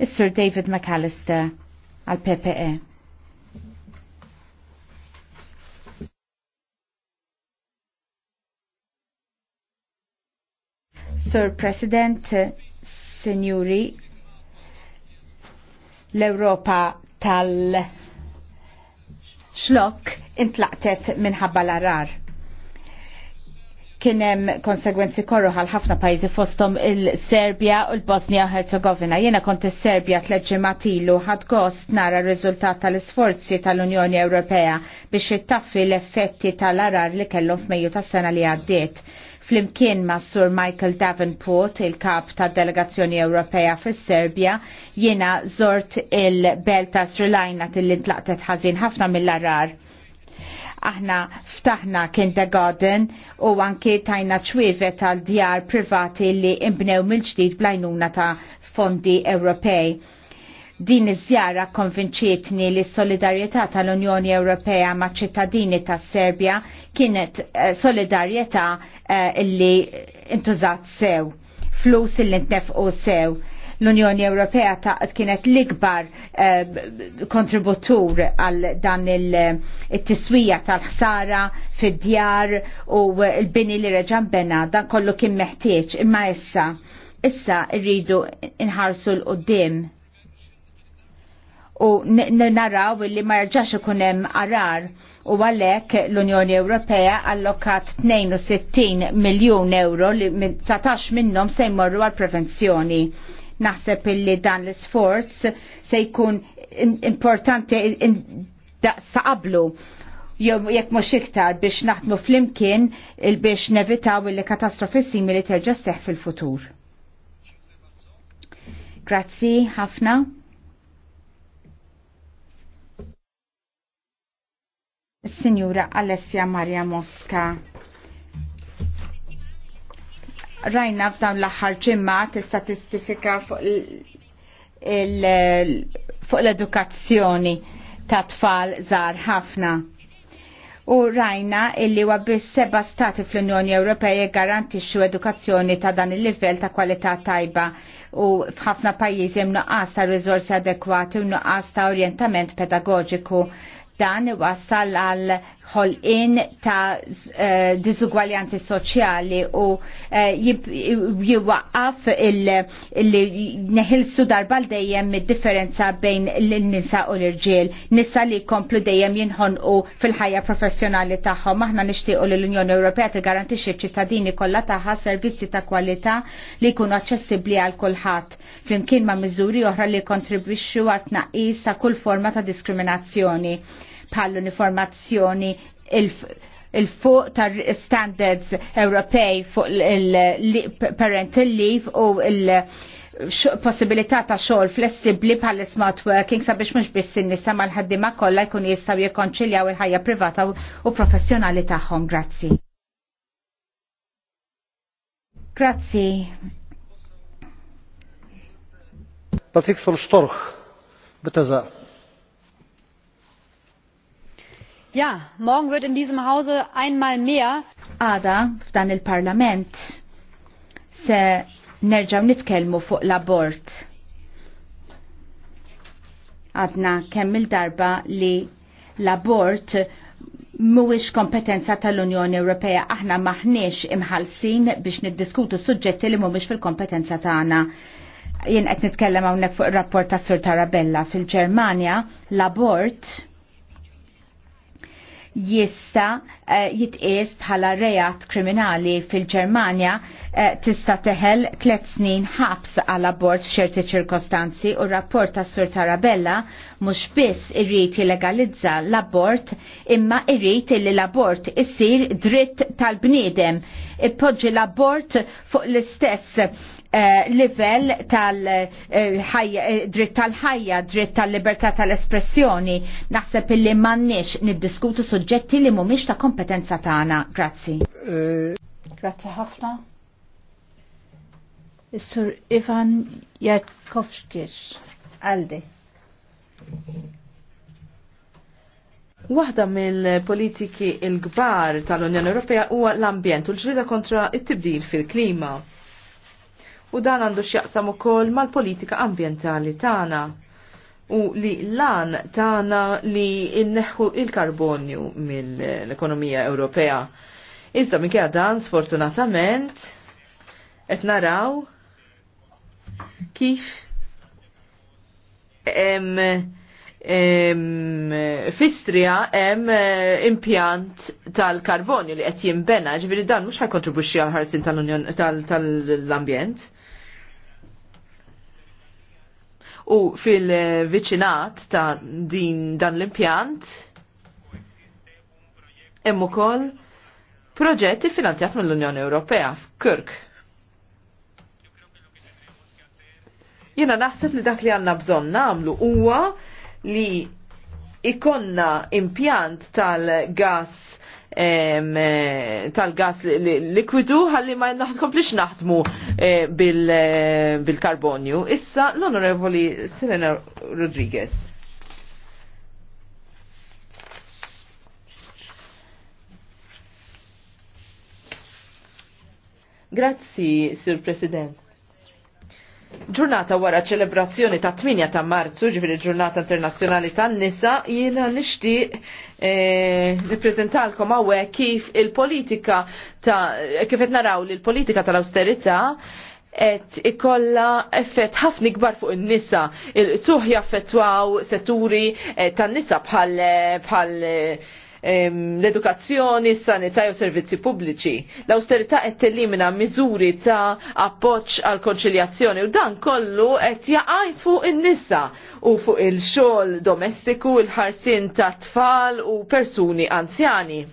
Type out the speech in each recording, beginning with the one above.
sir David McAllister al PPE. Sir President, Signori, l-Europa tal-xlok intlaqtet minħabba l-arar kienem konsegwenzi korru għal ħafna pajzi fostom il-Serbia u l-Bosnia Herzegovina. Jena kont il-Serbia matilu ħad gost nara r-rizultat tal-isforzi tal-Unjoni Ewropea biex jittaffi l-effetti tal-arar li kellhom f'Mejju tas-sena li għaddiet. Flimkien ma' Sur Michael Davenport, il-kap ta' delegazzjoni Ewropea fis serbia jiena zort il belta Srilajna til Lajna intlaqtet ħażin ħafna mill-arar Aħna ftaħna kindergarten u anke tajna ċwieve tal djar privati li imbnew mill-ġdid blajnuna ta' fondi Ewropej. Din iż-żjara konvinċietni li s-solidarjetà tal-Unjoni Ewropea ma' ċittadini tas Serbja kienet eh, solidarjetà eh, li intużat sew, flus li ntnefqu sew L-Unjoni Ewropea ta' kienet l-ikbar eh, kontributur għal dan il-tiswija eh, tal-ħsara fid-djar u l-bini li reġan bena dan kollu kien meħtieġ imma issa issa rridu inħarsu l-qoddim u naraw li ma jarġax ikun hemm arar u għalhekk l-Unjoni Ewropea allokat 62 miljun euro li 19 minnhom se jmorru għal prevenzjoni Naħseb illi dan l-sforz se jkun importanti daqsaqablu jekk mhux iktar biex naħdmu flimkien il biex nevitaw il katastrofi simili terġa' seħ fil-futur. Grazzi ħafna. Signora Alessia Maria Mosca rajna f'dawn l-aħħar t istatistifika fuq l-edukazzjoni ta' tfal zar ħafna. U rajna illi huwa biss seba stati fl-Unjoni Ewropea garantixxu edukazzjoni ta' dan il-livell ta' kwalità tajba u f'ħafna pajjiżi hemm nuqqas ta' riżorsi adekwati u nuqqas ta' orjentament pedagogiku dan wasal għal ħolqin ta' uh, diżugwaljanzi soċjali u uh, jiwaqqaf il-li neħilsu darba dejjem mid-differenza bejn l-nisa u l-irġiel. Nisa li komplu dejjem u fil-ħajja professjonali tagħhom. Aħna nixtiequ li l-Unjoni Ewropea tigarantixxi ċ-ċittadini kollha tagħha servizzi ta' kwalità li jkunu aċċessibbli għal kulħadd flimkien ma' miżuri oħra li kontribwixxu għat tnaqqis ta' kull forma ta' diskriminazzjoni pal-uniformazzjoni il-fuq il tar standards Ewropej fuq il-parental leave u il- possibilità ta' xogħol flessibbli pal smart working sabiex mhux biss in-nisa mal ħaddima kollha jkun jistgħu jikkonċiljaw il-ħajja privata u professjonali tagħhom. Grazzi. Grazzi. Patrick von Storch, Ja, morgen wird in diesem Hause einmal mehr. Ada f'dan il-Parlament se nerġaw nitkellmu fuq l-abort. Għadna kemm il-darba li l-abort mhuwiex kompetenza tal-Unjoni Ewropea aħna maħniex imħalsin biex niddiskutu suġġetti li mhumiex fil-kompetenza tagħna. Jien qed nitkellem hawnhekk fuq ir-rapport tas Sur Tarabella fil-Ġermanja l-abort jista uh, jitqies bħala reat kriminali fil-Ġermanja uh, eh, tista' teħel tliet snin ħabs għal abort xerti ċirkostanzi u rapport ta' Sur Tarabella mhux biss irrid jilegalizza l-abort imma irrid li l-abort issir dritt tal-bniedem ippoġġi l-abort fuq l-istess Eh, livell tal-dritt eh, eh, tal-ħajja, dritt tal-libertà tal-espressjoni. Naħseb illi m'għandniex niddiskutu suġġetti li mhumiex ta' kompetenza tagħna. Grazzi. Grazzi ħafna. Is-Sur Ivan Jatkovskis. Aldi. Waħda mill-politiki il-gbar tal-Unjoni Ewropea huwa l-ambjent u l-ġrida kontra it-tibdil fil-klima u dan għandu x'jaqsam ukoll mal-politika ambjentali tagħna u li lan tagħna li nneħħu il-karbonju mill-ekonomija Ewropea. Iżda kja dan sfortunatament qed naraw kif em, em, fistria hemm eh, impjant tal-karbonju li qed jinbena, ġviri dan mhux kontribuċi għal ħarsin tal-ambjent. Tal, tal, tal u fil-viċinat ta' din dan l-impjant hemm ukoll proġetti finanzjat mill-Unjoni Ewropea f'Kirk. Jiena naħseb li dak li għandna bżonn nagħmlu huwa li ikonna impjant tal-gas Eh, tal-gas likwidu ħalli ma naħdkomplix naħdmu eh, eh, bil-karbonju. Issa l-Onorevoli Selena Rodriguez. Grazzi, Sir President ġurnata wara ċelebrazzjoni ta' 8 ta' marzu, ġifiri ġurnata internazjonali ta' nisa, jina nishti e, eh, niprezentalkom għawe kif il-politika ta' kif qed naraw li l-politika tal-austerità et ikolla effett ħafna gbar fuq in-nisa. il tuħja jaffettwaw setturi eh, tan-nisa bħal bħal l-edukazzjoni, s-sanità u servizzi pubbliċi. L-austerità qed tellimina miżuri ta' appoġġ għal konċiljazzjoni u dan kollu qed jaqaj fuq in-nisa u fuq il-xogħol domestiku, il-ħarsin ta' tfal u persuni anzjani.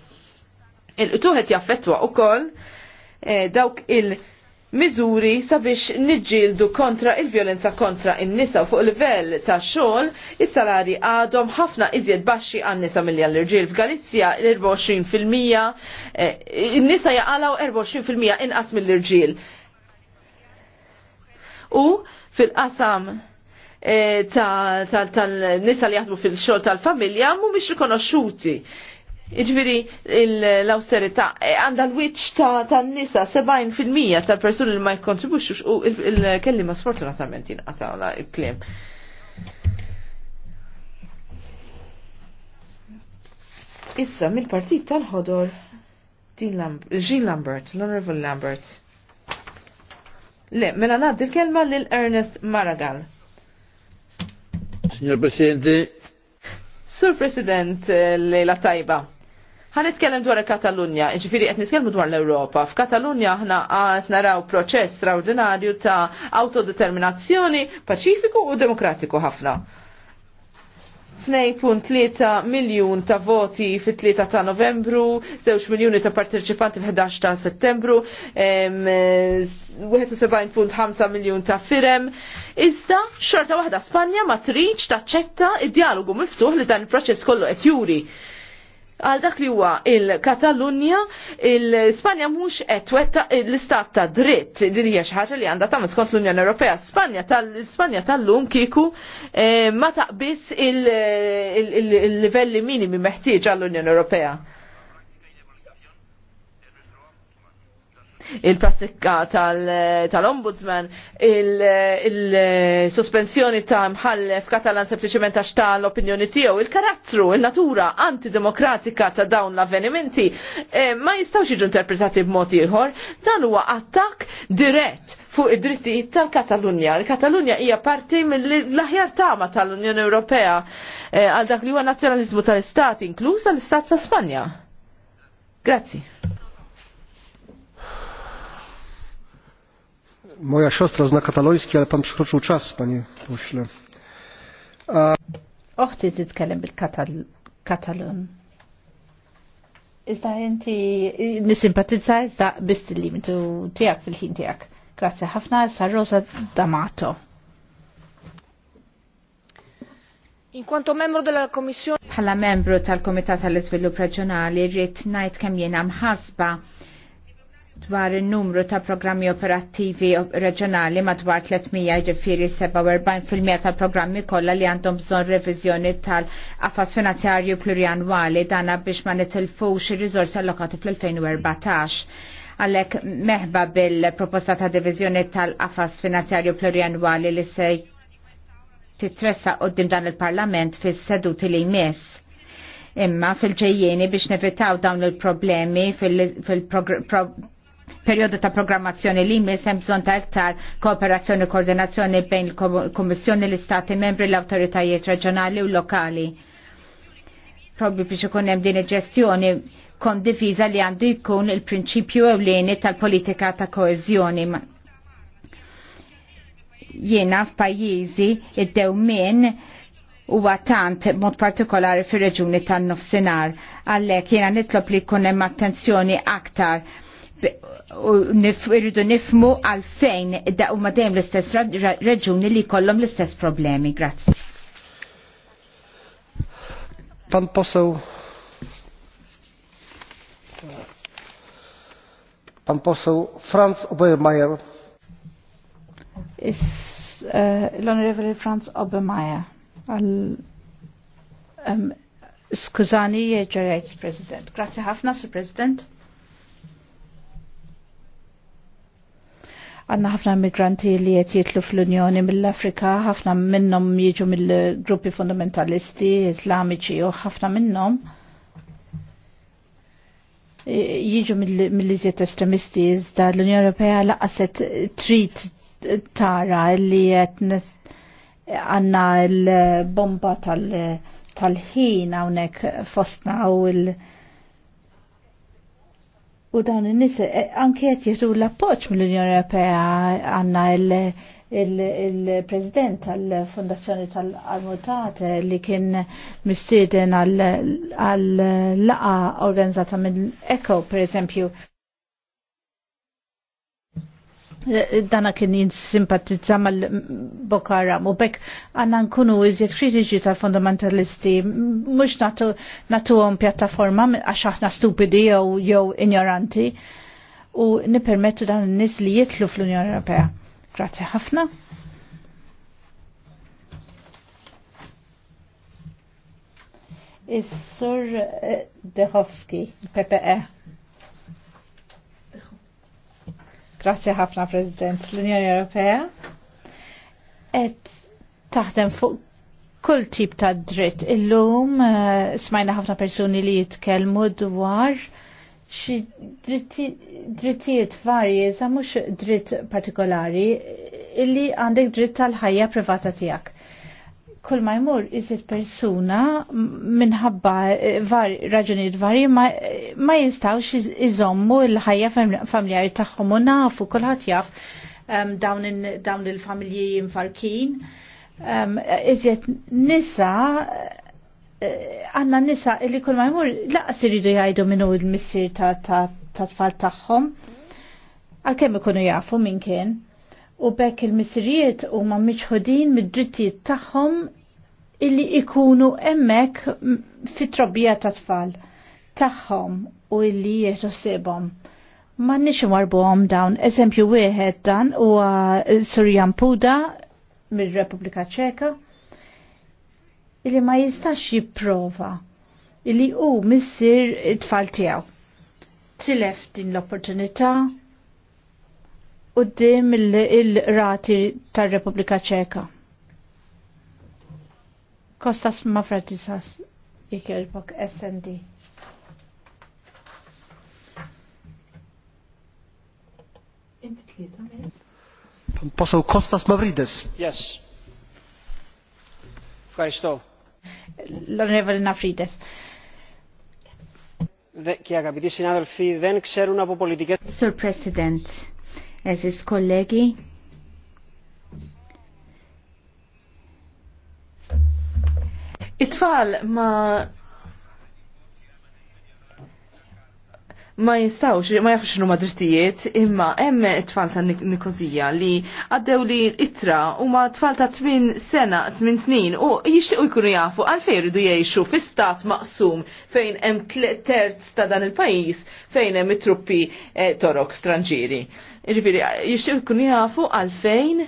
Il-qtuħet jaffettwa u koll eh, dawk il- miżuri sabiex niġġieldu kontra il-vjolenza kontra in-nisa fuq il livell ta' xogħol, is-salari għadhom ħafna iżjed baxxi għan-nisa milli l irġiel F'Galizja l-24% eh, in-nisa jaqalaw 24% inqas mill-irġiel. U fil-qasam eh, tal-nisa li jaħdmu fil-xogħol tal-familja mhumiex rikonoxxuti. Iġviri, l-austerita, e, għanda l-witch ta' tan-nisa 70% tal-persuni li ma jkontribuxux u il-kellima sfortunatament jinqatawla il-klim. Issa, mill-partit tal-ħodor, Jean Lambert, l-Honorable Lambert. Le, mela naddi l-kelma lil Ernest Maragall. Signor Presidente. Sur President, eh, lejla tajba. Ħan nitkellem dwar Katalunja, ġifiri qed nitkellmu dwar l-Ewropa. F'Katalunja aħna qed naraw proċess straordinarju ta' autodeterminazzjoni paċifiku u demokratiku ħafna. 2.3 miljun ta' voti fit-3 ta' novembru, 2 miljuni ta' parteċipanti 11 ta' settembru, 71.5 miljun ta' firem. Iżda, xorta waħda Spanja ma triċ taċċetta id-dialogu miftuħ li dan il-proċess kollu qed juri għal dak li huwa il-Katalunja, il-Spanja mhux qed l-istat ta' dritt din hija xi ħaġa li għandha tagħmel skont l-Unjoni Ewropea. Spanja tal-Ispanja tal-lum kieku eh, ma taqbis il-livelli minimi meħtieġ għall-Unjoni Ewropea. il-prassika tal-ombudsman, il-sospensjoni ta' mħallef Katalan sempliciment għax ta' l-opinjoni tiegħu, il-karattru, il-natura antidemokratika ta' dawn l-avvenimenti eh, ma jistawx jiġu interpretati b'mod ieħor, dan huwa attakk dirett fuq id dritti tal-Katalunja. Il-Katalunja hija parti mill-aħjar tama tal-Unjoni Ewropea eh, għal dak li huwa nazzjonaliżmu tal-Istat, inkluż tal-Istat ta' Spanja. Grazzi. Moja siostra zna kataloński, ale pan przekroczył czas, panie pośle. A... Oħti titkellem bil-Katalun. katal Iżda inti nisimpatizza iżda bist il-limitu tijak fil-ħin tijak. Grazie ħafna, sa Rosa D'Amato. In quanto membro della Commissione. Pala membro tal-Komitat tal-Iżvilupp Reġjonali rrid ngħid kemm jiena mħasba dwar il-numru ta' programmi operattivi reġjonali madwar 300 ġifiri 47% tal-programmi kollha li għandhom bżonn reviżjoni tal affas finanzjarju plurianwali dana biex ma nitilfux ir-riżorsi allokati fl-2014 Għalek meħba bil-proposta ta' divizjoni tal affas finanzjarju plurianwali li se titressa qoddim dan il-parlament fis seduti li jmiss imma fil-ġejjeni biex nevitaw dawn il-problemi fil-programmi periodu ta' programmazzjoni li jmiss hemm bżonn ta' iktar kooperazzjoni u koordinazzjoni bejn il-Kummissjoni l-Istati membri l-awtoritajiet reġjonali u lokali. Probbi biex ikun hemm din il-ġestjoni kondiviża li għandu jkun il-prinċipju ewlieni tal-politika ta' koeżjoni. Jiena f'pajjiżi id dewmien huwa tant mod partikolari fir-reġuni tan-nofsinhar, għalhekk jiena nitlob li jkun hemm attenzjoni aktar u irridu nifmu fejn da u madem l-istess reġuni li kollom l-istess problemi. Grazzi. Pan poseł Pan poseł Franz Obermeier. Is uh, eh, l-Onorevoli Franz Obermeier. Al, um, skużani, ġerajt, President. Grazie ħafna, Sir President. Għanna ħafna migranti li qed jitlu fl-Unjoni mill-Afrika, ħafna minnhom jiġu mill-gruppi fundamentalisti, islamiċi u ħafna minnhom jiġu mill-iżjed estremisti iżda l-Unjoni Ewropea laqaset trid tara li qed għanna l-bomba tal-ħin hawnhekk fostna u l- U dawn in nisa e, e, anke qed jieħdu l-appoġġ mill-Unjoni Ewropea għandna il-President tal-Fondazzjoni tal armutate eh, li kien mistieden għal laqa organizzata mill-ECO, per eżempju, dana kien jinsimpatizza mal-Boko Haram u bekk għanna nkunu iżjed kritiċi tal-fundamentalisti, mux natu, natu għom pjattaforma għax aħna stupidi jew jew ignoranti u nipermettu dan n-nis li jitlu fl-Unjoni Ewropea. Grazie ħafna. Is-sur eh, Dehovski, PPE. Grazie ħafna President. L-Unjoni Ewropea Et taħdem fuq kull tip ta' dritt. Illum uh, smajna ħafna persuni li jitkellmu dwar xi drittijiet varji iżda mhux dritt partikolari illi għandek dritt tal-ħajja privata tiegħek kull ma jmur iżid persuna minħabba eh, var, raġunijiet varji ma, ma jistawx iżommu l-ħajja familjari tagħhom u nafu kulħadd jaf um, dawn il-familji infarkin. Um, iżjed nisa eh, għanna uh, nisa li kull ma jmur laqas iridu jgħidu minnu l missir ta' tfal tagħhom. Għalkemm ikunu jafu minn kien u bekk il-missirijiet u ma miċħodin mid-drittijiet tagħhom illi ikunu emmek fit-trobbija ta' tfal tagħhom u illi jieħdu sebom. Ma nix għom dawn, eżempju wieħed dan huwa Surjan Puda mir-Repubblika Ċeka illi ma jistax jipprova illi hu missir tfal tiegħu. Tilef din l-opportunità u d-dim il-rati tar-Repubblika Ċeka Kostas Mafratisas jikjelbok SND. Inti tlieta minn? Poseł Kostas Mavrides. Yes. Ευχαριστώ. L'onorevole Nafrides. Και αγαπητοί συνάδελφοι, δεν ξέρουν από πολιτικές... Sir President, εσείς κολέγοι, it-tfal ma ma jistawx, ma jafux xinu madrittijiet, imma hemm tfal ta' Nikozija li għaddew li itra u ma tfal ta' 8 sena, 8 snin u jixtiqu jkunu jafu għalfej jridu jgħixu fi stat maqsum fejn hemm terz ta' dan il-pajis fejn hemm it-truppi eh, torok stranġiri. Irrifiri, jixtiqu jkunu jafu għalfejn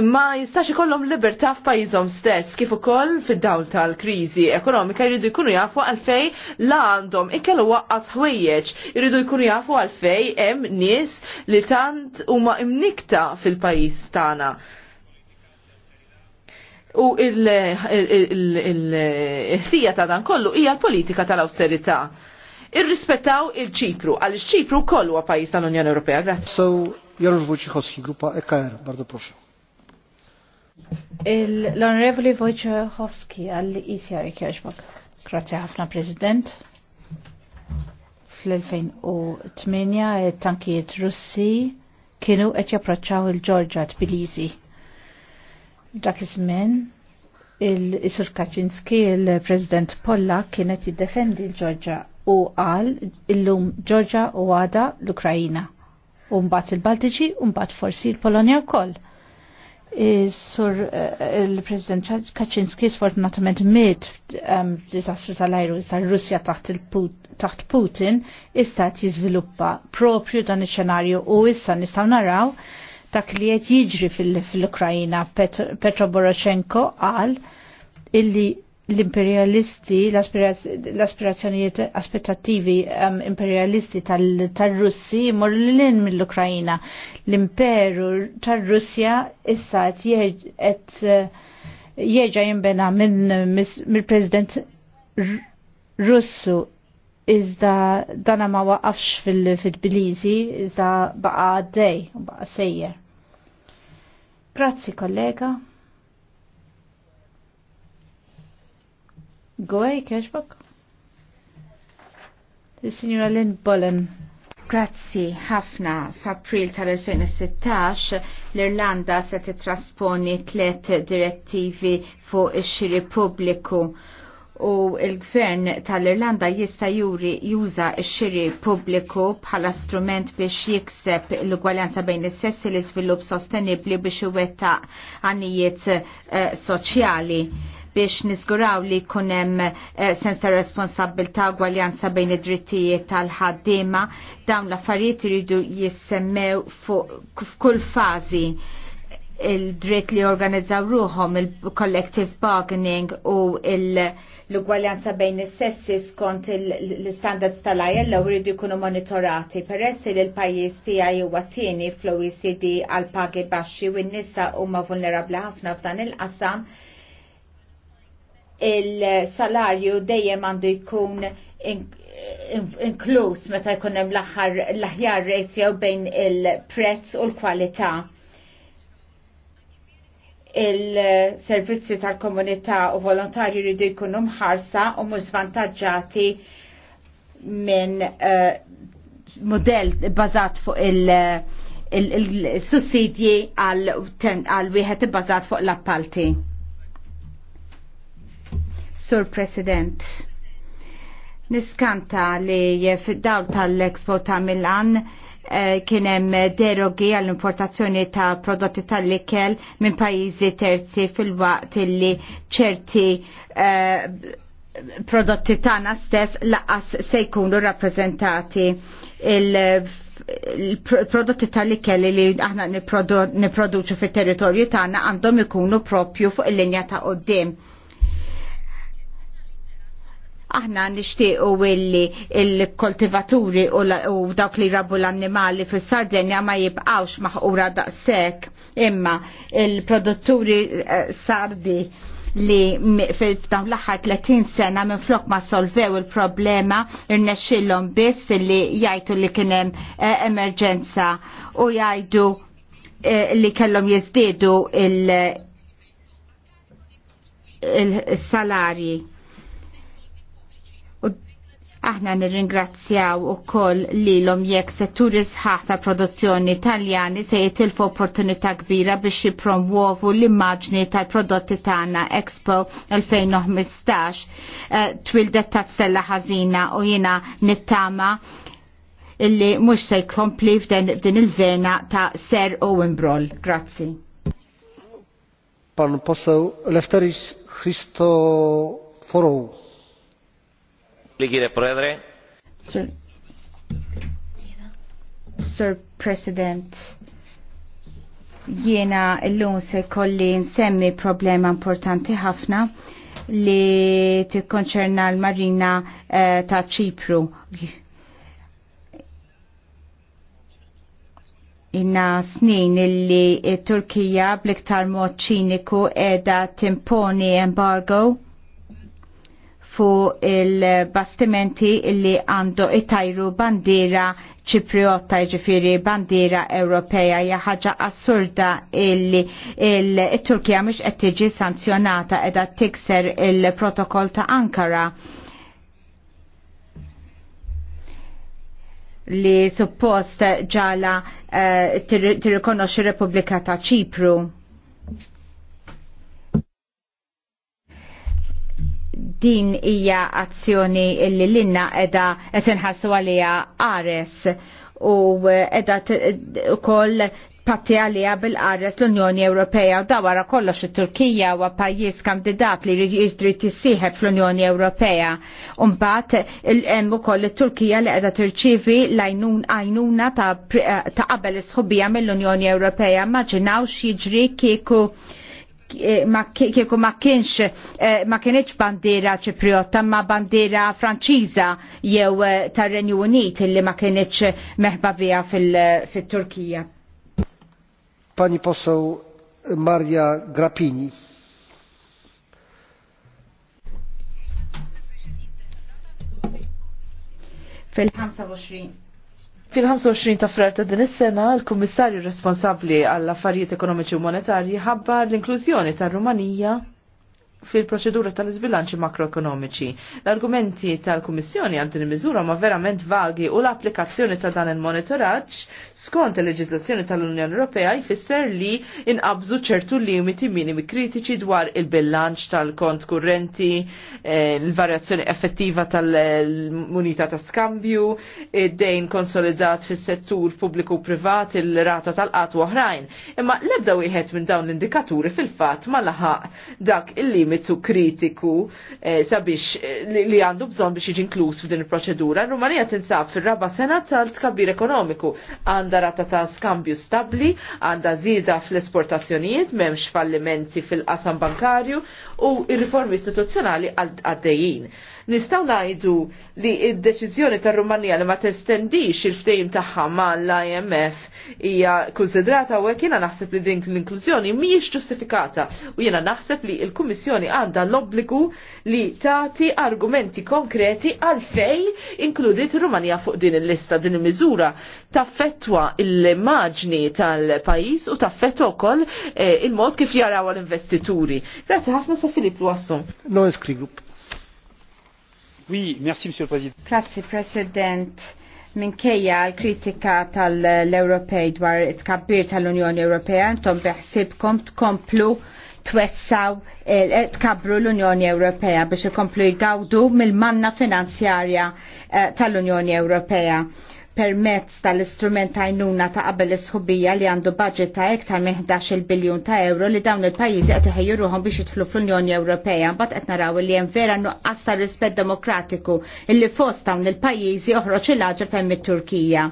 Imma jistax ikollhom libertà f'pajjiżhom stess kif ukoll fid-dawl tal-kriżi ekonomika jridu jkunu jafu għalfej la għandhom huwa qas ħwejjeġ, jridu jkunu jafu għalfej hemm nies li tant huma imnikta fil-pajjiż tagħna. U l ħtija ta' dan kollu hija l-politika tal-austerità. Irrispettaw il-ċipru, għal ċipru kollu għal pajis tal-Unjoni Ewropea. Grazie. So, vuċi Wojciechowski, grupa EKR, bardzo proszę. L-Onorevoli Wojciechowski għall-ICR e Kjerġbak. Grazie ħafna, President fl-2008 tankijiet Russi kienu qed japproċċaw il-Ġorġa Tbilisi. Dak iż-żmien il-Isur Kaczynski, il-President Polla, kienet jiddefendi l-Ġorġa u qal illum Ġorġa u għada l-Ukrajina. U mbagħad il-Baltiċi u mbagħad forsi l-Polonja wkoll. Sur eh, il-President Kaczynski sfortunatament miet f'disastru tal-ajru issa Russja taħt Putin issa jiżviluppa propju dan iċ-xenarju u issa nistgħu naraw dak li qed jiġri fil-Ukrajina Petro Boroshenko qal illi l-imperialisti, l-aspirazzjonijiet aspettativi um, imperialisti tal-Russi tal morru l-lin mill-Ukrajina. L-imperu tal-Russja issa qed uh, jieġa jimbena minn mill-President Russu iżda dana ma waqafx fil-Tbilisi, iżda baqa dej, baqa sejjer. Grazzi kollega. Goj, cashbook? The signora Lynn Bullen. Grazzi ħafna f'April tal-2016 l-Irlanda se titrasponi tliet direttivi fuq ix-xiri pubbliku u il-gvern tal-Irlanda jista' juri juża x-xiri pubbliku bħala strument biex jikseb l-ugwaljanza bejn is-sessi l-iżvilupp sostenibbli biex iwettaq għanijiet uh, soċjali biex nizguraw li kunem eh, sens ta' responsabilta' gwaljanza bejn id-drittijiet tal-ħaddima dawn l-affarijiet iridu jissemmew fuq fazi il-dritt li organizzaw ruħom il-collective bargaining u l-ugwaljanza bejn is-sessi skont l-standards tal u rridu jkunu monitorati peress li l-pajjiż tiegħi huwa tieni fl-OECD għal pagi baxxi u n-nisa huma vulnerabbli ħafna f'dan il-qasam il-salarju dejjem għandu jkun inkluż meta jkun hemm l-aħjar ratio bejn il-prezz u l-kwalità. Il-servizzi tal-komunità u volontarju jridu jkunu mħarsa u mhux vantaġġati minn uh, modell bażat fuq il-sussidji il, il, il sussidji għal wieħed ibbażat fuq l-appalti. Sur President. Niskanta li fid-dawl tal-Expo ta' Milan eh, kienem derogi għall-importazzjoni ta' prodotti tal-likel minn pajizi terzi fil-waqt li ċerti eh, prodotti tana stess laqas se jkunu rappresentati il-prodotti tal likel li aħna niproduċu fit-territorju tagħna għandhom ikunu propju fuq il-linja ta' qoddim Aħna nixtiequ illi il-koltivaturi u dawk li rabu l-annimali fis-Sardenja ma jibqawx maħqura daqshekk imma il-produtturi eh, sardi li fil-dawn l-axar 30 sena minn flok ma solvew il-problema irnexxillhom biss li jgħidu li kien hemm eh, emerġenza u jgħidu eh, li kellhom jiżdiedu il-salarji. Aħna nirringrazzjaw u koll li l-om jek setturi sħaħ ta' produzzjoni Taljani se jitilfu opportunità kbira biex jipromuovu l-immaġni tal-prodotti tagħna Expo 2015 uh, eh, twildet ta' tsella ħażina u jiena nittama illi mux se jkompli f'din il-vena ta' Ser Owen Broll. Grazzi. Pan l-eftaris Christo Forow. Sir, Sir President, jiena l-lum se kolli nsemmi problema importanti ħafna li tikkonċerna l-marina eh, ta' ċipru. Inna snin illi Turkija bliktar mod ċiniku edha timponi embargo fuq il-bastimenti illi għandu itajru bandiera ċipriotta ġifiri bandiera Ewropea hija ħaġa assurda illi il-Turkija mux qed tiġi sanzjonata qiegħda tikser il-protokoll ta' Ankara li suppost ġala uh, tirrikonoxxi Repubblika ta' Ċipru. din hija azzjoni illi l-inna edha etinħarsu għalija ares u edha ukoll patti għalija bil-qares l-Unjoni Ewropea u dawara kollox it-Turkija huwa pajjiż kandidat li jidri tissieħeb fl-Unjoni Ewropea. Umbat il-hemm ukoll it-Turkija li edha tirċievi l-għajnun għajnuna ta' qabel is-sħubija mill-Unjoni Ewropea. maġinaw xieġri kieku Eh, kieku ma kienx eh, ma kienx bandiera ċipriota ma bandiera franċiza jew eh, tar-Renju Unit illi ma kienx meħba bija fil-Turkija. Pani poseł Maria Grappini. fil-25 Fil-25 ta' frar ta' din is-sena, l-Kummissarju responsabbli għall affarijiet ekonomiċi u monetarji ħabbar l-inklużjoni tar-Rumanija fil-proċedura tal-izbilanċi makroekonomiċi. L-argumenti tal-Kummissjoni għal din miżura ma verament vagi u l-applikazzjoni ta' dan il-monitoraġġ skont il-leġislazzjoni tal-Unjoni Ewropea jfisser li inqabżu ċertu limiti minimi kritiċi dwar il-bilanċ tal-kont kurrenti, eh, l-varjazzjoni effettiva tal-munita ta' skambju, id-dejn konsolidat fis-settur pubbliku privat, il-rata tal-qat u oħrajn. Imma l-ebda wieħed minn dawn l-indikaturi fil-fatt ma laħaq dak il-limit limitu kritiku eh, sabiex eh, li għandu bżon biex jiġi inkluż f'din il-proċedura. Rumanija tinsab fil-raba sena tal-tkabbir ekonomiku. Għanda rata ta' skambju stabli, għanda zida fl-esportazzjonijiet, memx fallimenti fil-qasam bankarju u il-riformi istituzzjonali għaddejjin. Nistaw najdu li id-deċizjoni tar rumanija li ma testendix il-ftejm tagħha mal-IMF hija konsidrata u jiena naħseb li din l-inklużjoni mhijiex ġustifikata u jiena naħseb li l-Kummissjoni għandha l-obbligu li tagħti argumenti konkreti għal inkludiet inkludit rumanija fuq din il-lista din il-miżura taffettwa l-immaġni tal-pajjiż u taffettwa wkoll eh, il-mod kif jaraw l-investituri. Grazzi ħafna sa Filip Wassum. No, Group. Oui, merci Monsieur le Président. Grazie President minkejja l-kritika tal-Ewropej dwar it-kabbir tal-Unjoni Ewropea, intom beħsibkom tkomplu twessaw eh, eh, tkabru l-Unjoni Ewropea biex ikomplu jgawdu mill-manna finanzjarja eh, tal-Unjoni Ewropea permezz tal-istrument tajnuna ta' qabel isħubija li għandu budget ta' iktar minn 11 biljun ta' euro li dawn il-pajjiżi qed iħejjuruhom biex jidħlu fl-Unjoni Ewropea mbagħad qed naraw li hemm vera nuqqas ta' rispett demokratiku illi fost dawn il-pajjiżi oħroġ il-aġel femm it-Turkija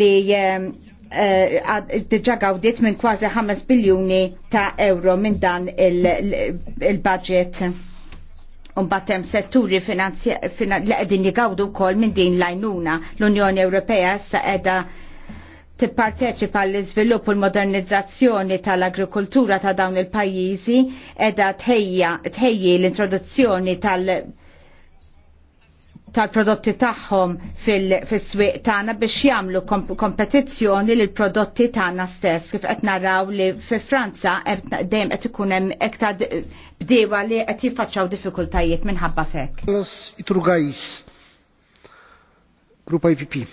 li ehm, eh, diġa gawdiet minn kważi 5 biljuni ta' euro minn dan il-budget. Il battem setturi li qegħdin jigawdu wkoll minn din l L-Unjoni Ewropea issa qiegħda tipparteċipa l-iżvilupp u l-modernizzazzjoni tal-agrikoltura ta' dawn il-pajjiżi edha tħejji l-introduzzjoni tal- tal-prodotti tagħhom fis-swieq tagħna biex jagħmlu kompetizzjoni lil prodotti tagħna stess kif qed naraw li fi Franza dejjem qed ikun hemm iktar bdiewa li qed jiffaċċaw diffikultajiet minħabba fek. Iturgajs, IPP.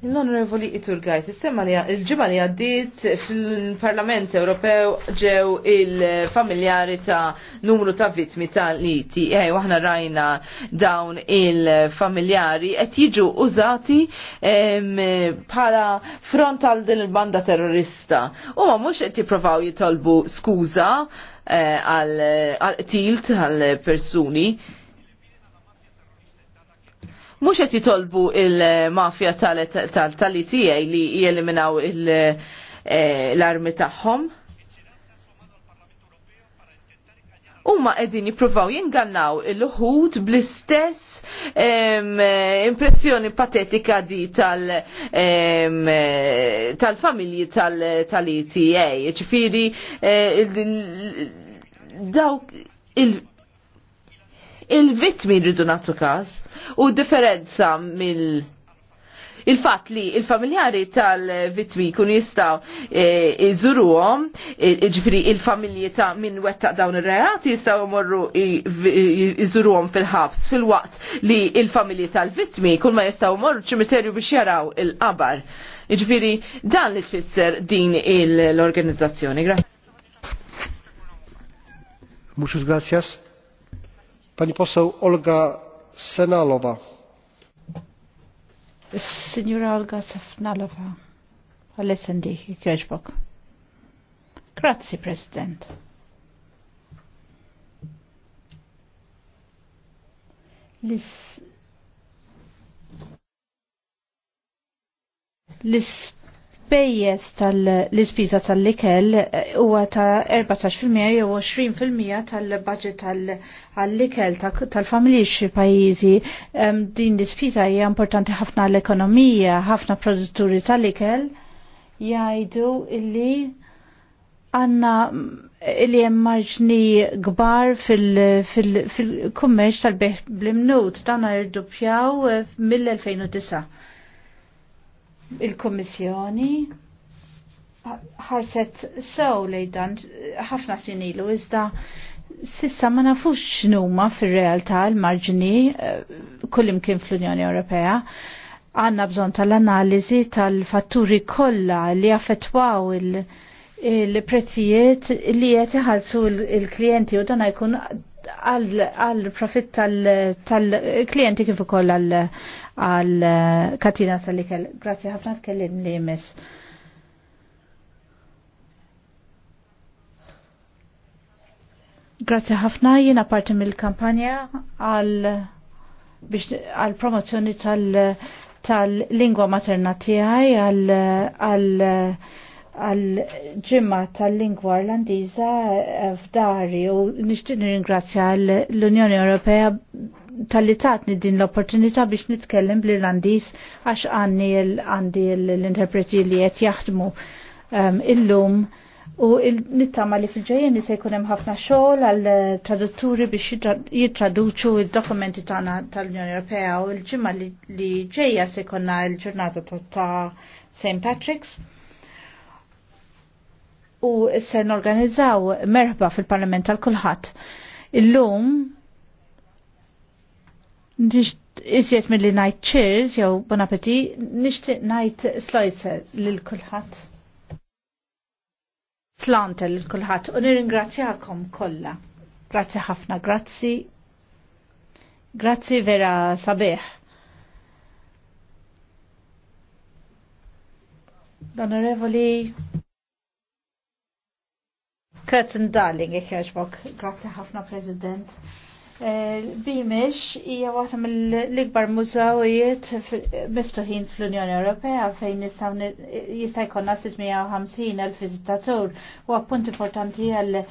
L-Onorevoli Itur semma li il-ġimma li għaddit fil-Parlament Ewropew ġew il-familjari ta' numru ta' vittmi tal-liti. Ej, waħna rajna dawn il-familjari qed jiġu użati bħala front għal din il-banda terrorista. U ma mhux qed jiprofaw jitolbu skuża eh, għal tilt għal persuni mhux qed jitolbu il-mafja tal-ITA li jeliminaw eh, l-armi tagħhom. Umma qegħdin jippruvaw jingannaw il-ħut bl-istess impressjoni patetika di tal-familji tal-ITA. Ċifiri, eh, dawk il- il-vittmi rridu nagħtu każ u differenza mill- il-fat li il-familjari tal-vitmi kun jistaw e, iżuruhom, e, ġifri il-familji ta' minn wettaq dawn ir-reati jistaw morru iżuruhom fil-ħabs fil-waqt li il-familji tal-vitmi kun ma jistaw morru ċimiterju biex jaraw il-qabar. Ġifiri dan li tfisser din l-organizzazzjoni. Muchas gracias. Pani poseł Olga Senalowa. Signora Olga Sefnalova, għal-SND, kħieġbok. Grazzi, President. Lis... Lis il-pejjeż tal-ispiża tal-ikel eh, huwa ta' 14% jew 20% tal-budget tal-ikel tal-familji xi pajjiżi. Din l-ispiża hija importanti ħafna l-ekonomija, ħafna produtturi tal-ikel jgħidu illi għanna eh, li hemm marġni kbar fil-kummerċ tal-beħ bl-imnut dan irdupjaw eh, mill-2009 il-Kommissjoni ħarset sew lej dan ħafna sinilu iżda sissa ma nafux x'numa fir-realtà l-marġini eh, kullimkien fl-Unjoni Ewropea. Għanna bżon tal-analiżi tal-fatturi kollha li affettwaw il-prezzijiet li qed iħallsu il-klijenti u dan jkun għal profitt tal klijenti kif ukoll għal eh, Katina tal-ikel. Grazie ħafna tkellim li jmiss. Grazzi ħafna jiena parti mill-kampanja għal promozzjoni tal tal-lingwa materna tiegħi għal għal għal ġimma tal-lingwa irlandiża eh, f'dari u nixtieq ringrazzja l-Unjoni Ewropea tal-li tatni din l-opportunità biex nitkellem bl-Irlandis għax għandi l-interpreti li qed jaħdmu il um, illum u nittama li fil ġajjen se jkun hemm ħafna xogħol għal tradutturi biex jittraduċu il dokumenti tagħna tal-Unjoni Ewropea u l-ġimgħa li ġejja se jkollna l-ġurnata ta' St. Patrick's u se norganizzaw merħba fil-Parlament tal-kulħadd. Illum Iżjed mill-li najt cheers, jew bon appetit, nishti najt slojtse lil-kulħat. Slante lil-kulħat, u nirringrazzjakom kolla. Grazzi ħafna, grazzi. Grazzi vera sabiħ. L-Onorevoli and Darling, ikħeġbok. Grazzi ħafna, President. Bimix hija waħda mill-ikbar mużawijiet miftuħin fl-Unjoni Ewropea fejn jista' jkollna 650 elf viżitatur u appunt importanti għal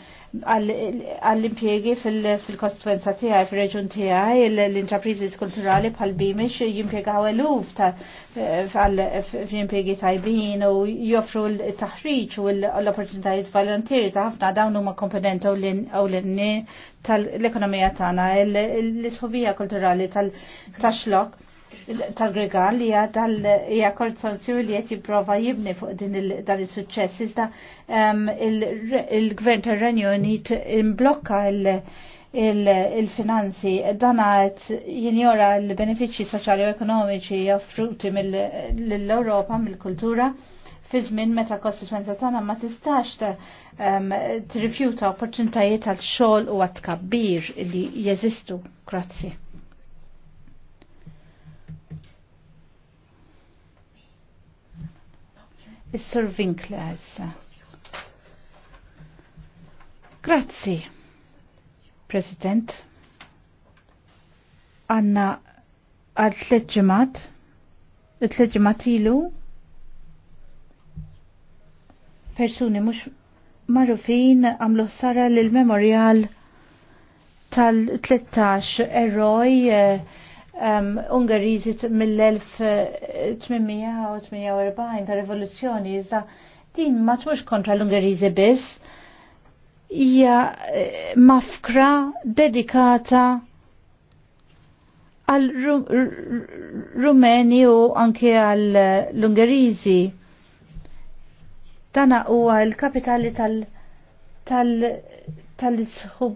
għall-impjegi fil kostwenza tijaj, fir-reġun tiegħi l-intrapriżi kulturali bħal bimix jimpjegaw eluf ta' fl-impjegi tajbin u joffru l-taħriġ u l-opportunitajiet volontieri ta' ħafna dawn huma komponent inni tal-ekonomija tagħna l-isħubija kulturali tal-taxlok tal-Gregal li hija konsorzju li qed jipprova jibni fuq din dan is-suċċess iżda ehm, il-Gvern tar-Renju Unit imblokka il-finanzi dan għad jinjora l-benefiċċji soċjali u ekonomiċi offruti mill-Ewropa mill-kultura fi żmien meta kostituenza tagħna ma tistax ehm, tirrifjuta opportunitajiet għal xogħol u għat tkabbir li jeżistu. Grazzi. Is-Sur Winkler issa. Grazzi, President. Għanna għal tliet ġimgħat, ilu persuni mhux marufin għamlu sara l-memorial tal-13 eroj Eh, Ungariżi mill-1848 ta' rivoluzzjoni iżda din ma tmux kontra l-Ungariżi biss hija mafkra dedikata għal Rumeni u anke għal l-Ungeriżi. Dana huwa l-kapitali tal- tal- tal tal-isħub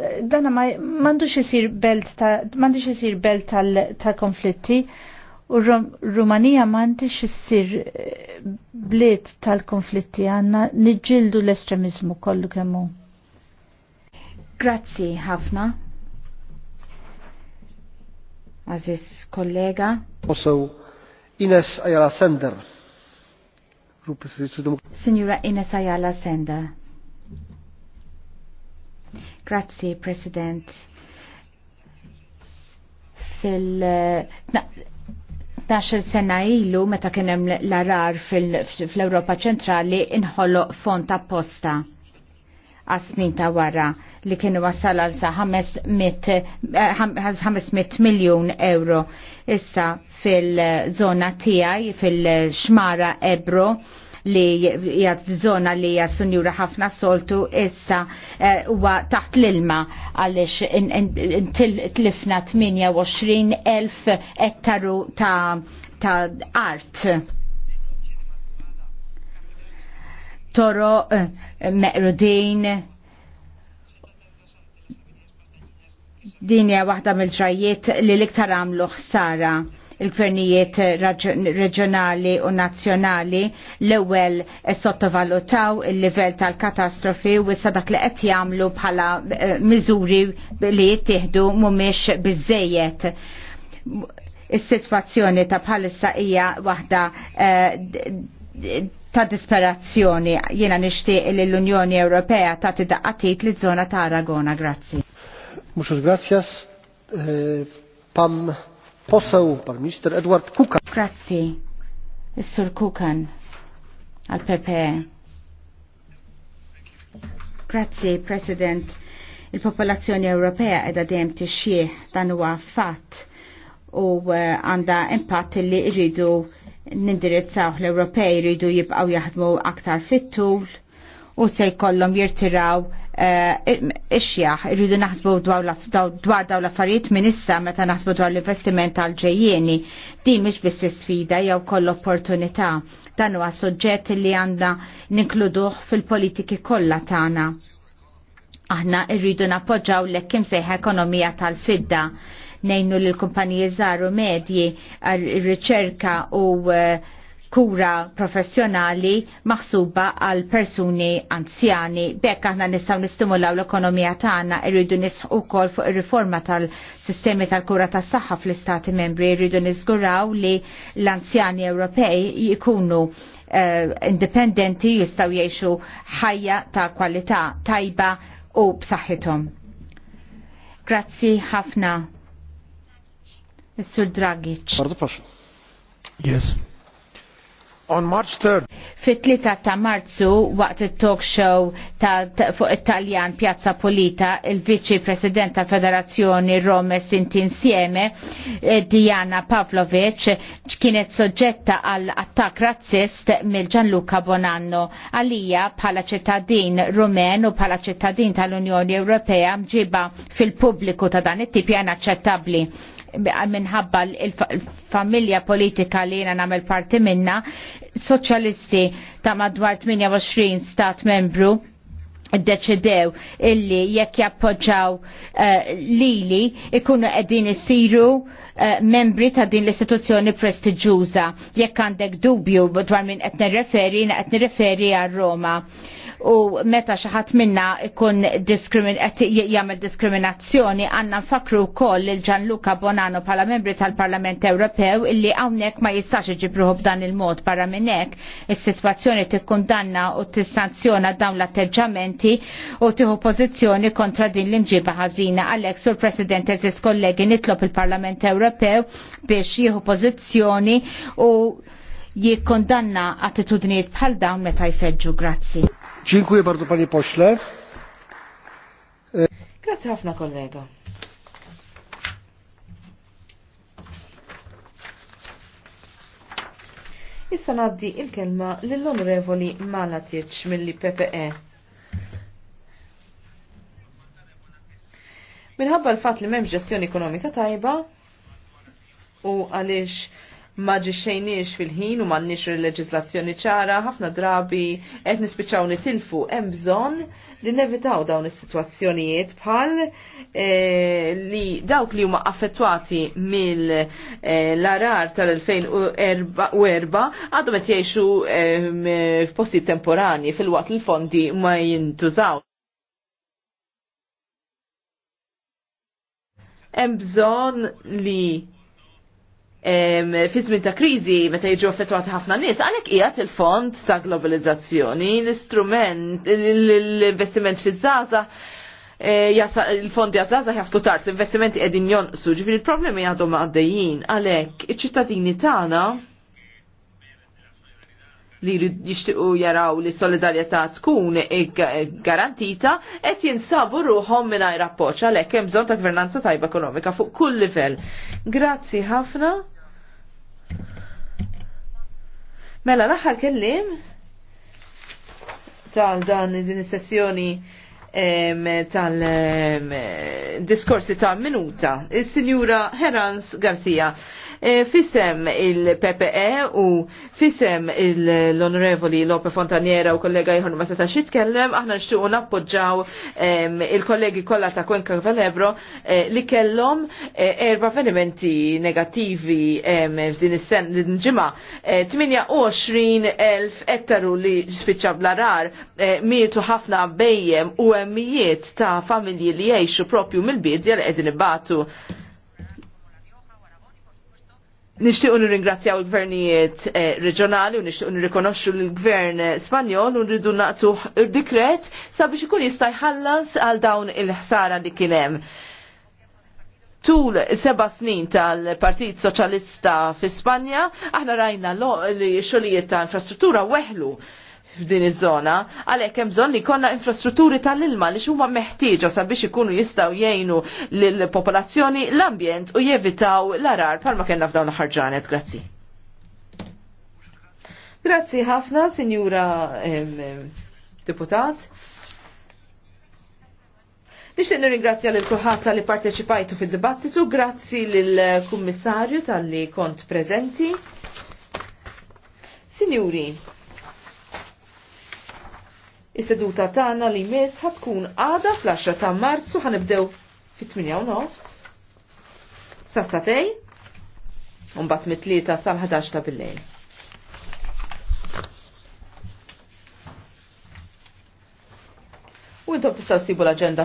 dana ma mandux isir belt ta' mandux isir belt tal ta' konflitti u Rumanija mandux isir eh, bliet tal-konflitti għanna niġġildu l-estremizmu kollu kemmu. Grazzi ħafna. Aziz kollega. Also Ines Ayala Sender. Signora Ines Ayala Sender. Grazzi, President. Fil... il sena ilu meta kien hemm l-arar fl-Ewropa ċentrali inħoloq font apposta għas-snin ta' wara li kienu wasal għal sa' 500 eh, miljon euro issa fil-zona tiegħi fil-xmara Ebro li jgħat f'żona li hija sunjura ħafna soltu issa eh, huwa taħt l-ilma għaliex tlifna 28,000 ettaru ta' ta' art. Toro eh, meqrudin dinja waħda mill-ġrajiet li l-iktar għamlu xsara il-gvernijiet reġjonali u nazzjonali l-ewwel eh, sottovalutaw il-livell tal-katastrofi u issa dak li qed jagħmlu bħala eh, miżuri li jittieħdu mhumiex biżejjed. Is-sitwazzjoni ta' bħalissa hija waħda eh, ta' disperazzjoni jiena nixtieq li l-Unjoni Ewropea tagħti daqqatit li zona ta' Aragona. Grazzi. Muxus grazzjas. Pan poseł, pan minister Edward Kukan. Grazzi, Sur Kukan, għal PPE. Grazzi, President. Il-popolazzjoni Ewropea edha dejjem tixjih dan huwa fatt u eh, għanda impatt li rridu nindirizzaw l-Ewropej rridu jibqaw jaħdmu aktar fit-tul u se jkollhom jirtiraw eh, ixjaħ, irridu naħsbu dwar daw l-affarijiet minn issa meta naħsbu dwar l-investiment għal-ġejjeni. Di mhix biss sfida jew koll opportunità. Dan huwa suġġett li għandna ninkluduh fil-politiki kollha tagħna. Aħna rridu nappoġġaw l-ekkim sejħa ekonomija tal-fidda nejnu l-kumpaniji żaru medji, r-riċerka u uh, kura professjonali maħsuba għal persuni anzjani. Bekk aħna nistgħu nistimulaw l-ekonomija tagħna irridu nisħu wkoll fuq ir-riforma tal-sistemi tal-kura tas-saħħa fl-istati membri irridu niżguraw li l-anzjani Ewropej jkunu uh, eh, indipendenti jistgħu jgħixu ħajja ta' kwalità tajba u b'saħħithom. Grazzi ħafna. Mr. Dragic. Yes. On March 3rd. Fit-3 ta' Marzu waqt it-talk show ta' fuq Italjan Piazza Polita, il-Viċi President tal Federazzjoni Rome Sinti Insieme, eh, Diana Pavlovic, kienet soġġetta għal attak razzist mill Gianluca Bonanno. Għalija bħala ċittadin Rumen u bħala ċittadin tal-Unjoni Ewropea mġiba fil-pubbliku ta' dan it tipja jena minħabba l-familja politika li jena namel parti minna, soċjalisti ta' madwar 28 stat membru deċedew illi jekk jappoġġaw eh, lili ikunu qegħdin isiru eh, membri ta' din l-istituzzjoni prestiġjuża. Jekk għandek dubju dwar min qed nirreferi, qed nirreferi għal Roma u meta xi ħadd minna ikun jagħmel diskriminazzjoni għandna nfakru wkoll lil Gianluca Bonanno bħala membri tal-Parlament Ewropew illi hawnhekk ma jistax iġibruħu b'dan il-mod barra minn hekk is-sitwazzjoni tikkundanna u tissanzjona dawn l-atteġġamenti u tieħu pożizzjoni kontra din l-imġiba ħażina għalhekk sur President eżis kollegi nitlob il-Parlament Ewropew biex jieħu pożizzjoni u jikkondanna attitudnijiet bħal dawn meta jfeġġu. Grazzi. Dziękuję bardzo panie pośle. Grazie ħafna kolega. Issa naddi il-kelma lill-onorevoli Malatic mill-PPE. Minħabba l-fat li memx ġestjoni ekonomika tajba u għaliex ma ġiċċejniex fil-ħin u mannix il-leġislazzjoni ċara, ħafna drabi qed nispiċaw nitilfu hemm bżonn li nevitaw dawn is-sitwazzjonijiet bħal eh, li dawk li huma affettwati mill-arar eh, tal-2004 għadhom qed jgħixu eh, f'posti temporani fil-waqt il fondi ma jintużaw. Hemm bżonn li fi żmien ta' kriżi meta jiġu affettwati ħafna nies, għalhekk qiegħed il-fond ta' globalizzazzjoni, l-istrument, l-investiment fi żaza eh, il fond ja għazzaza jaslu tard, l-investimenti qegħdin jonqsu, ġifieri il-problemi għadhom għaddejjin, għalhekk iċ-ċittadini tagħna li jixtiequ jaraw li solidarjetà tkun garantita qed jinsabu ruħhom mingħajr appoġġ għalhekk hemm bżonn ta' gvernanza tajba ekonomika fuq kull livell. Grazzi ħafna. Mela l-aħħar kellim tal dan din is-sessjoni tal-diskorsi ta' minuta. Il-Sinjura Herans Garcia. E, fissem il-PPE u fisem l-Onorevoli Lope Fontaniera u kollega jħon ma setax jitkellem, aħna nxtiqu nappoġġaw il-kollegi kollha ta' Kwenka Velebro e, li kellhom e, erba' avvenimenti negattivi f'din is-sen ġimgħa 28,000 ettaru li spiċċa bl-arar mietu ħafna bejjem u emmijiet ta' familji li jgħixu propju mill-bidja li qegħdin ibatu. Nishtiqu nirringrazzjaw il-gvernijiet eh, reġjonali u nishtiqu nirrikonoxxu l-gvern Spanjol u nridu naqtu dikret sabiex ikun jista' jħallas għal dawn il-ħsara li kien hemm. Tul seba snin tal-Partit Soċjalista fi Spanja, aħna rajna li xogħlijiet ta' infrastruttura weħlu f'din iż-żona, għalhekk hemm bżonn li jkollna infrastrutturi tal-ilma li huma meħtieġa sabiex ikunu jistgħu jgħinu lill-popolazzjoni l-ambjent u jevitaw l-arar bħalma kellna f'dawn ħarġanet. Grazzi. Grazzi ħafna, Sinjura Deputat. Nixtieq nirringrazzja lil kulħadd li parteċipajtu fid-dibattitu, grazzi lill kummissarju tal-li kont preżenti. Signori, Is-seduta tagħna li jmiss ħatkun għada fl-10 ta' Marzu ħanibdew fit-8 nofs. Sassatej, U mbagħad mit-tlieta sal-11 ta' bil-lejl. U intom tistgħu ssibu l-aġenda